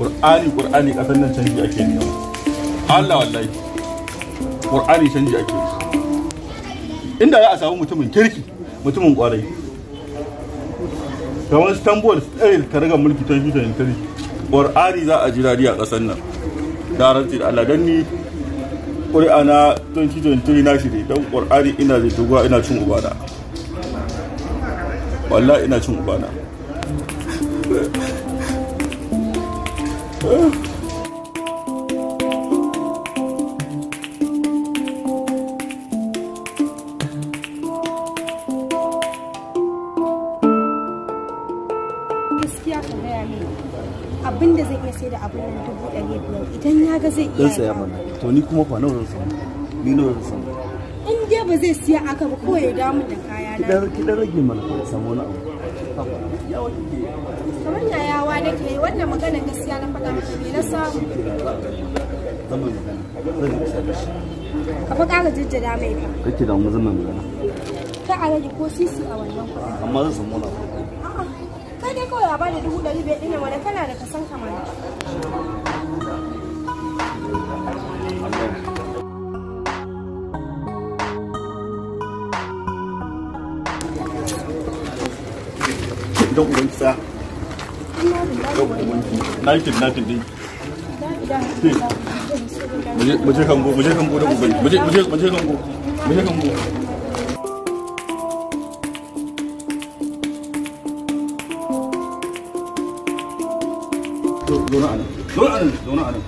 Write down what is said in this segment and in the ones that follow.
ƙur'ani ƙur'ani ƙasar nan canji ake nema Allah wallahi ƙur'ani canji ake inda za a samu mutumin kirki mutumin ƙwarai kamar istanbul tsaye eh, ta riga mulki 2023 ƙwar'ani za a ji daɗi a ƙasar nan da ranci da Allah don ni ƙuri'a na 2023 na shirye don ƙwar'ani ina zai tuguwa ina cin ubana wallahi ina cin ubana abin da zai iya dubu idan zai iya zan saya mana to ni kuma fa nawa zan samu ni nawa zan samu in dai ba zai siya aka ba kawai ya damu da kaya na ki dan rage mana samu wani abu kamar yayawa nake wannan magana gaskiya na faɗa maka me na samu zaman magana zan isa da shi ka fa ƙara jijjira mai ba kake da mu zaman magana ka a rage ko sisi a wannan kuɗin amma zan samu na kai dai kawai a bada dubu ɗari biyar ɗin wani kana da kasan kamar don't want that. Naikin, naikin din. Muje kango, muje kango da gobe. Muje muje muje kango. Muje kango. Zauna a nan. Zauna a nan. Zauna a nan.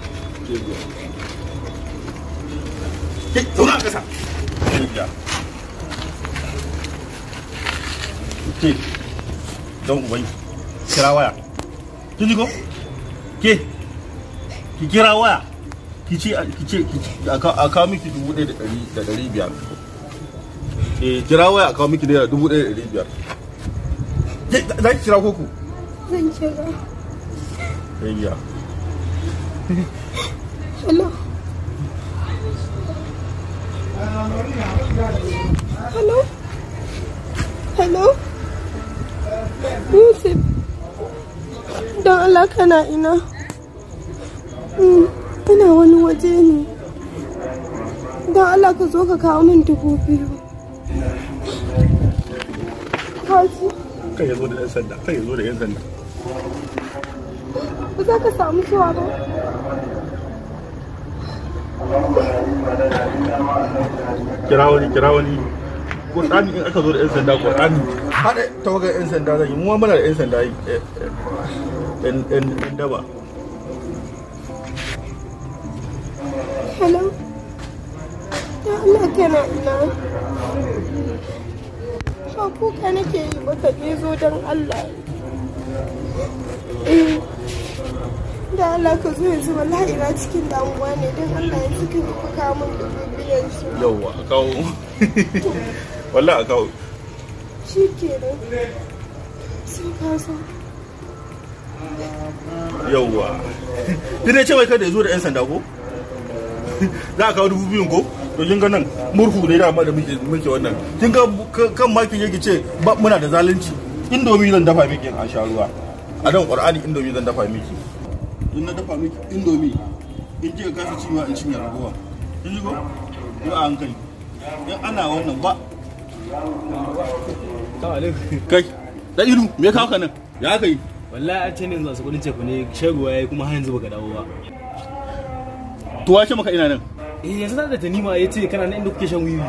Zauna a ƙasa. Zauna a ƙasa. donc vous kira waya Tu dis quoi Qui ki kira waya ki ce ki ce a À miki dubu ɗaya da ɗari biyar eh kira waya a kawo miki naira dubu ɗaya da ɗari biyar za ki kira koko Hello. Hello. Hello. Yusuf don Allah kana ina kana hmm, wani waje ne don Allah ka zo ka kawo min dubu biyu kaji kai ya zo da 'yan sanda kai ya zo da 'yan sanda ba za ka samu zuwa ba kira wani kira wani Qur'ani in aka zo da 'yan sanda Qur'ani haɗa tawagar 'yan sanda zan yi mu muna da 'yan sanda yan eh, eh, daba Hello Ya Allah kana ina Ba kuka nake yi ba ka zo don Allah eh, da Allah ka zo yanzu wallahi ina cikin damuwa ne don Allah yanzu ka kuka mun da bibiyar su yawwa kawo wallah a kawo shi ke sun kaso yauwa dai ce mai kada ya zo da 'yan sanda ko za a kawo dubu biyun ko to kin ga nan murhu ne da da muke wannan kin ga kan makin yake ce muna da zalunci indomi zan dafa miki a sha ruwa a dan qur'ani indomi zan dafa miki in na dafa miki indomi in ji ka kasa ci in cinye ragowa in ji ko yo an kai in ana wannan ba kai da ilu me kawo ka nan ya ka yi wallahi a ce ne zuwa su kudin cefa ne shagowa yi kuma hanyar yanzu ga dawo ba tuwa wace maka ina nan eh yanzu da ya ce kana nan inda kuke shan wiwi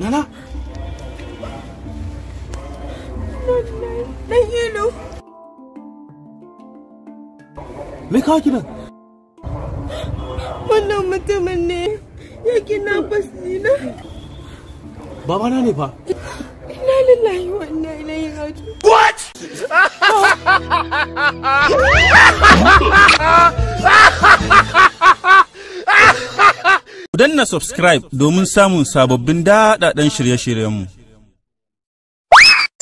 nana dan ilu me kawo ki nan wannan mutumin ne Yake na bas dina. Baba na ne ba. Inna lillahi wa inna yi raji'un. What? Ku na subscribe domin samun sababbin daɗaɗɗen shirye-shiryenmu.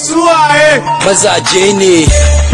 Suwaye! Eh. Mazaje ne!